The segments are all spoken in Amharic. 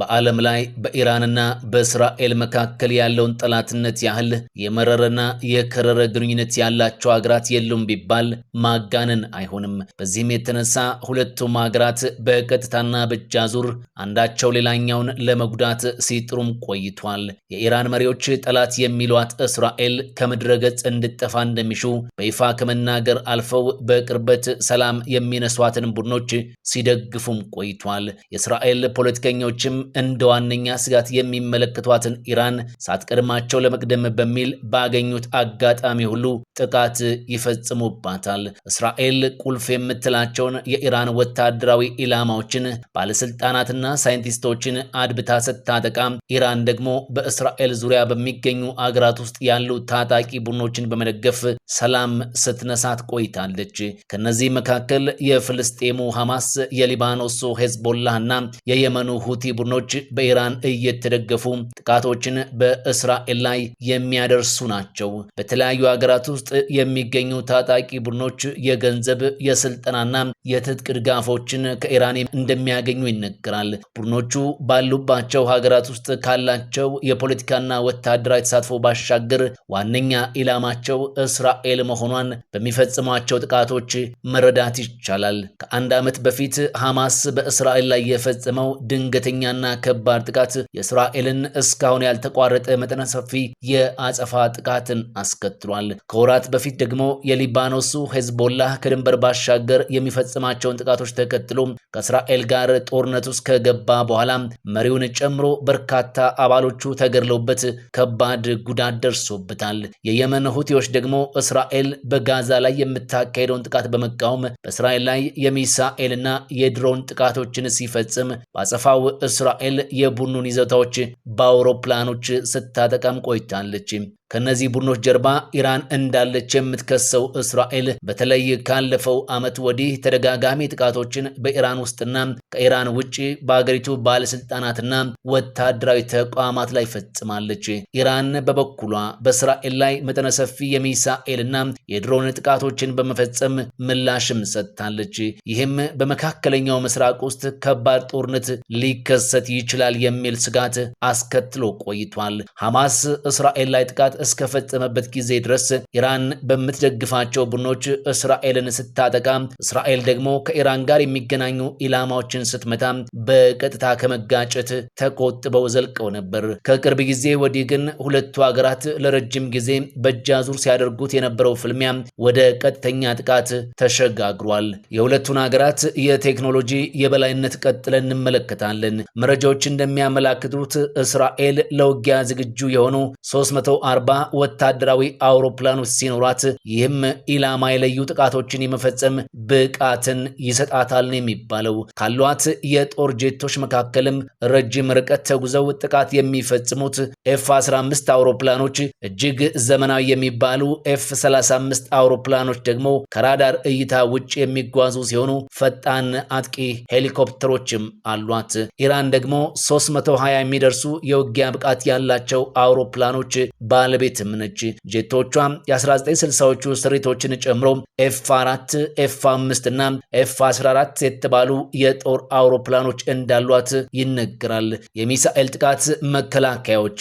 በዓለም ላይ በኢራንና በእስራኤል መካከል ያለውን ጠላትነት ያህል የመረረና የከረረ ግንኙነት ያላቸው ሀገራት የሉም ቢባል ማጋነን አይሆንም። በዚህም የተነሳ ሁለቱም ሀገራት በቀጥታና በእጅ አዙር አንዳቸው ሌላኛውን ለመጉዳት ሲጥሩም ቆይቷል። የኢራን መሪዎች ጠላት የሚሏት እስራኤል ከምድረ ገጽ እንድጠፋ እንደሚሹ በይፋ ከመናገር አልፈው በቅርበት ሰላም የሚነሷትን ቡድኖች ሲደግፉም ቆይቷል። የእስራኤል ፖለቲከኞችም እንደ ዋነኛ ስጋት የሚመለከቷትን ኢራን ሳትቀድማቸው ለመቅደም በሚል ባገኙት አጋጣሚ ሁሉ ጥቃት ይፈጽሙባታል። እስራኤል ቁልፍ የምትላቸውን የኢራን ወታደራዊ ኢላማዎችን፣ ባለስልጣናትና ሳይንቲስቶችን አድብታ ስታጠቃ፣ ኢራን ደግሞ በእስራኤል ዙሪያ በሚገኙ አገራት ውስጥ ያሉ ታጣቂ ቡድኖችን በመደገፍ ሰላም ስትነሳት ቆይታለች። ከነዚህ መካከል የፍልስጤሙ ሐማስ፣ የሊባኖሱ ሄዝቦላህ እና የየመኑ ሁቲ ቡድኖ ቡድኖች በኢራን እየተደገፉ ጥቃቶችን በእስራኤል ላይ የሚያደርሱ ናቸው። በተለያዩ ሀገራት ውስጥ የሚገኙ ታጣቂ ቡድኖች የገንዘብ የስልጠናና የትጥቅ ድጋፎችን ከኢራን እንደሚያገኙ ይነገራል። ቡድኖቹ ባሉባቸው ሀገራት ውስጥ ካላቸው የፖለቲካና ወታደራዊ ተሳትፎ ባሻገር ዋነኛ ኢላማቸው እስራኤል መሆኗን በሚፈጽሟቸው ጥቃቶች መረዳት ይቻላል። ከአንድ ዓመት በፊት ሐማስ በእስራኤል ላይ የፈጸመው ድንገተኛና እና ከባድ ጥቃት የእስራኤልን እስካሁን ያልተቋረጠ መጠነ ሰፊ የአጸፋ ጥቃትን አስከትሏል። ከወራት በፊት ደግሞ የሊባኖሱ ሄዝቦላ ከድንበር ባሻገር የሚፈጽማቸውን ጥቃቶች ተከትሎ ከእስራኤል ጋር ጦርነት ውስጥ ከገባ በኋላ መሪውን ጨምሮ በርካታ አባሎቹ ተገድለውበት ከባድ ጉዳት ደርሶበታል። የየመን ሁቲዎች ደግሞ እስራኤል በጋዛ ላይ የምታካሄደውን ጥቃት በመቃወም በእስራኤል ላይ የሚሳኤልና የድሮን ጥቃቶችን ሲፈጽም በአጸፋው እስራ እስራኤል የቡድኑን ይዘታዎች በአውሮፕላኖች ስታጠቃም ቆይታለች። ከእነዚህ ቡድኖች ጀርባ ኢራን እንዳለች የምትከሰው እስራኤል በተለይ ካለፈው ዓመት ወዲህ ተደጋጋሚ ጥቃቶችን በኢራን ውስጥና ከኢራን ውጭ በአገሪቱ ባለሥልጣናትና ወታደራዊ ተቋማት ላይ ፈጽማለች። ኢራን በበኩሏ በእስራኤል ላይ መጠነ ሰፊ የሚሳኤልና የድሮን ጥቃቶችን በመፈጸም ምላሽም ሰጥታለች። ይህም በመካከለኛው ምስራቅ ውስጥ ከባድ ጦርነት ሊከሰት ይችላል የሚል ስጋት አስከትሎ ቆይቷል። ሐማስ እስራኤል ላይ ጥቃት እስከፈጸመበት ጊዜ ድረስ ኢራን በምትደግፋቸው ቡድኖች እስራኤልን ስታጠቃ፣ እስራኤል ደግሞ ከኢራን ጋር የሚገናኙ ኢላማዎችን ስትመታ በቀጥታ ከመጋጨት ተቆጥበው ዘልቀው ነበር። ከቅርብ ጊዜ ወዲህ ግን ሁለቱ ሀገራት ለረጅም ጊዜ በእጃዙር ሲያደርጉት የነበረው ፍልሚያ ወደ ቀጥተኛ ጥቃት ተሸጋግሯል። የሁለቱን ሀገራት የቴክኖሎጂ የበላይነት ቀጥለን እንመለከታለን። መረጃዎች እንደሚያመላክቱት እስራኤል ለውጊያ ዝግጁ የሆኑ 340 ወታደራዊ አውሮፕላኖች ሲኖራት ይህም ኢላማ የለዩ ጥቃቶችን የመፈጸም ብቃትን ይሰጣታል ነው የሚባለው። ካሏት የጦር ጄቶች መካከልም ረጅም ርቀት ተጉዘው ጥቃት የሚፈጽሙት ኤፍ 15 አውሮፕላኖች እጅግ ዘመናዊ የሚባሉ ኤፍ 35 አውሮፕላኖች ደግሞ ከራዳር እይታ ውጭ የሚጓዙ ሲሆኑ ፈጣን አጥቂ ሄሊኮፕተሮችም አሏት። ኢራን ደግሞ 320 የሚደርሱ የውጊያ ብቃት ያላቸው አውሮፕላኖች ባለ ባለቤትም ነች። ጄቶቿ የ1960ዎቹ ስሪቶችን ጨምሮ ኤፍ 4 ኤፍ 5 እና ኤፍ 14 የተባሉ የጦር አውሮፕላኖች እንዳሏት ይነገራል። የሚሳኤል ጥቃት መከላከያዎች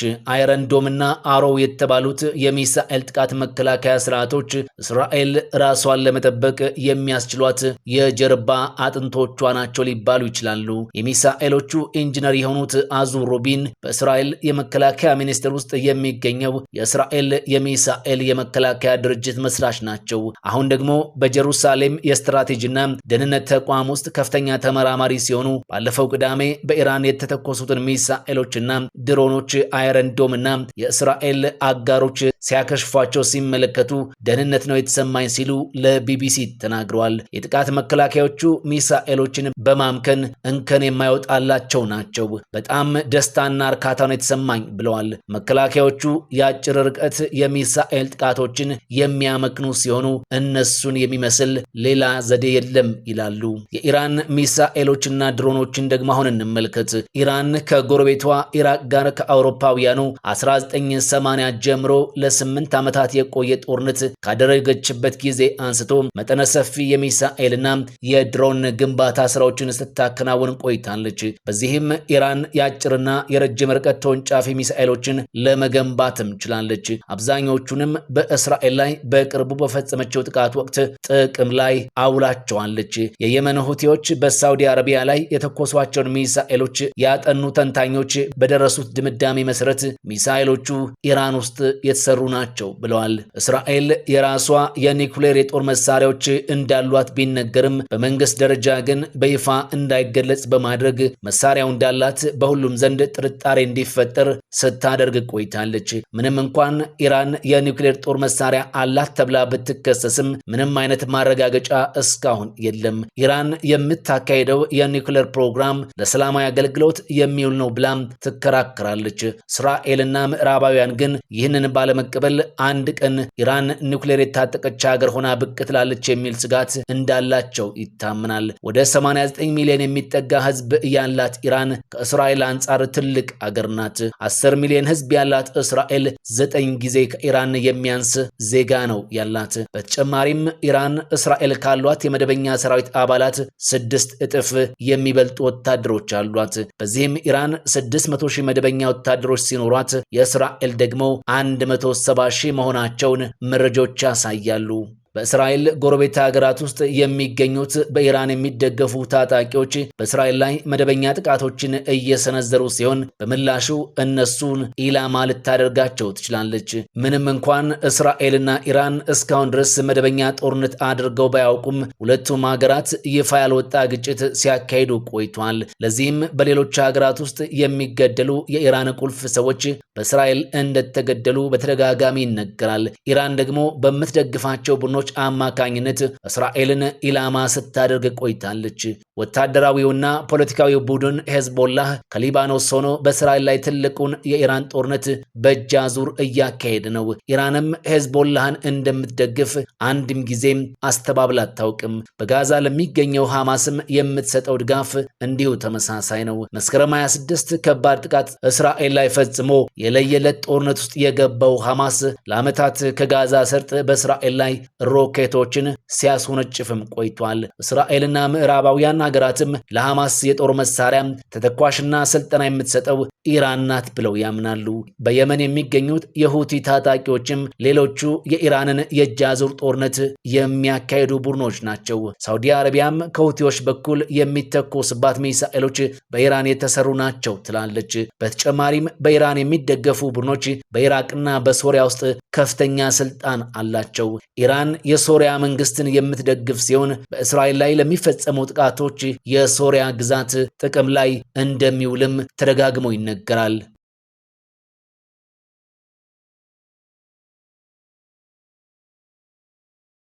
ዶም እና አሮው የተባሉት የሚሳኤል ጥቃት መከላከያ ስርዓቶች እስራኤል ራሷን ለመጠበቅ የሚያስችሏት የጀርባ አጥንቶቿ ናቸው ሊባሉ ይችላሉ። የሚሳኤሎቹ ኢንጂነር የሆኑት አዙ ሩቢን በእስራኤል የመከላከያ ሚኒስቴር ውስጥ የሚገኘው የእስራኤል የሚሳኤል የመከላከያ ድርጅት መስራች ናቸው። አሁን ደግሞ በጀሩሳሌም የስትራቴጂና ደህንነት ተቋም ውስጥ ከፍተኛ ተመራማሪ ሲሆኑ ባለፈው ቅዳሜ በኢራን የተተኮሱትን ሚሳኤሎችና ድሮኖች አይረንዶምና የእስራኤል አጋሮች ሲያከሽፏቸው ሲመለከቱ ደህንነት ነው የተሰማኝ ሲሉ ለቢቢሲ ተናግረዋል። የጥቃት መከላከያዎቹ ሚሳኤሎችን በማምከን እንከን የማይወጣላቸው ናቸው። በጣም ደስታና እርካታ ነው የተሰማኝ ብለዋል። መከላከያዎቹ ያጭ ኪሎሜትር ርቀት የሚሳኤል ጥቃቶችን የሚያመክኑ ሲሆኑ እነሱን የሚመስል ሌላ ዘዴ የለም ይላሉ። የኢራን ሚሳኤሎችና ድሮኖችን ደግሞ አሁን እንመልከት። ኢራን ከጎረቤቷ ኢራቅ ጋር ከአውሮፓውያኑ 1980 ጀምሮ ለስምንት ዓመታት የቆየ ጦርነት ካደረገችበት ጊዜ አንስቶ መጠነ ሰፊ የሚሳኤልና የድሮን ግንባታ ስራዎችን ስታከናውን ቆይታለች። በዚህም ኢራን የአጭርና የረጅም ርቀት ተወንጫፊ ሚሳኤሎችን ለመገንባትም ችላል። አውላለች። አብዛኛዎቹንም በእስራኤል ላይ በቅርቡ በፈጸመችው ጥቃት ወቅት ጥቅም ላይ አውላቸዋለች። የየመን ሁቲዎች በሳውዲ አረቢያ ላይ የተኮሷቸውን ሚሳኤሎች ያጠኑ ተንታኞች በደረሱት ድምዳሜ መሰረት ሚሳኤሎቹ ኢራን ውስጥ የተሰሩ ናቸው ብለዋል። እስራኤል የራሷ የኒኩሌር የጦር መሳሪያዎች እንዳሏት ቢነገርም በመንግስት ደረጃ ግን በይፋ እንዳይገለጽ በማድረግ መሳሪያው እንዳላት በሁሉም ዘንድ ጥርጣሬ እንዲፈጠር ስታደርግ ቆይታለች። ምንም እንኳን ኢራን የኒውክሌር ጦር መሳሪያ አላት ተብላ ብትከሰስም ምንም አይነት ማረጋገጫ እስካሁን የለም። ኢራን የምታካሄደው የኒውክሌር ፕሮግራም ለሰላማዊ አገልግሎት የሚውል ነው ብላም ትከራከራለች። እስራኤልና ምዕራባውያን ግን ይህንን ባለመቀበል አንድ ቀን ኢራን ኒውክሌር የታጠቀች ሀገር ሆና ብቅ ትላለች የሚል ስጋት እንዳላቸው ይታምናል። ወደ 89 ሚሊዮን የሚጠጋ ህዝብ ያላት ኢራን ከእስራኤል አንጻር ትልቅ አገር ናት። 10 ሚሊዮን ህዝብ ያላት እስራኤል ዘጠኝ ጊዜ ከኢራን የሚያንስ ዜጋ ነው ያላት። በተጨማሪም ኢራን እስራኤል ካሏት የመደበኛ ሰራዊት አባላት ስድስት እጥፍ የሚበልጡ ወታደሮች አሏት። በዚህም ኢራን ስድስት መቶ ሺህ መደበኛ ወታደሮች ሲኖሯት የእስራኤል ደግሞ አንድ መቶ ሰባ ሺህ መሆናቸውን መረጃዎች ያሳያሉ። በእስራኤል ጎረቤት ሀገራት ውስጥ የሚገኙት በኢራን የሚደገፉ ታጣቂዎች በእስራኤል ላይ መደበኛ ጥቃቶችን እየሰነዘሩ ሲሆን በምላሹ እነሱን ኢላማ ልታደርጋቸው ትችላለች። ምንም እንኳን እስራኤልና ኢራን እስካሁን ድረስ መደበኛ ጦርነት አድርገው ባያውቁም ሁለቱም ሀገራት ይፋ ያልወጣ ግጭት ሲያካሂዱ ቆይቷል። ለዚህም በሌሎች ሀገራት ውስጥ የሚገደሉ የኢራን ቁልፍ ሰዎች በእስራኤል እንደተገደሉ በተደጋጋሚ ይነገራል። ኢራን ደግሞ በምትደግፋቸው ቡኖ ሚሳይሎች አማካኝነት እስራኤልን ኢላማ ስታደርግ ቆይታለች። ወታደራዊውና ፖለቲካዊ ቡድን ሄዝቦላህ ከሊባኖስ ሆኖ በእስራኤል ላይ ትልቁን የኢራን ጦርነት በእጅ አዙር እያካሄደ ነው። ኢራንም ሄዝቦላህን እንደምትደግፍ አንድም ጊዜም አስተባብላ አታውቅም። በጋዛ ለሚገኘው ሐማስም የምትሰጠው ድጋፍ እንዲሁ ተመሳሳይ ነው። መስከረም 26 ከባድ ጥቃት እስራኤል ላይ ፈጽሞ የለየለት ጦርነት ውስጥ የገባው ሐማስ ለዓመታት ከጋዛ ሰርጥ በእስራኤል ላይ ሮኬቶችን ሲያስወነጭፍም ቆይቷል። እስራኤልና ምዕራባውያን ሀገራትም ለሐማስ የጦር መሳሪያ ተተኳሽና ስልጠና የምትሰጠው ኢራን ናት ብለው ያምናሉ። በየመን የሚገኙት የሁቲ ታጣቂዎችም ሌሎቹ የኢራንን የእጅ አዙር ጦርነት የሚያካሂዱ ቡድኖች ናቸው። ሳውዲ አረቢያም ከሁቲዎች በኩል የሚተኮስባት ሚሳኤሎች በኢራን የተሰሩ ናቸው ትላለች። በተጨማሪም በኢራን የሚደገፉ ቡድኖች በኢራቅና በሶሪያ ውስጥ ከፍተኛ ስልጣን አላቸው። ኢራን የሶሪያ መንግስትን የምትደግፍ ሲሆን በእስራኤል ላይ ለሚፈጸሙ ጥቃቶች የሶሪያ ግዛት ጥቅም ላይ እንደሚውልም ተደጋግሞ ይነገራል።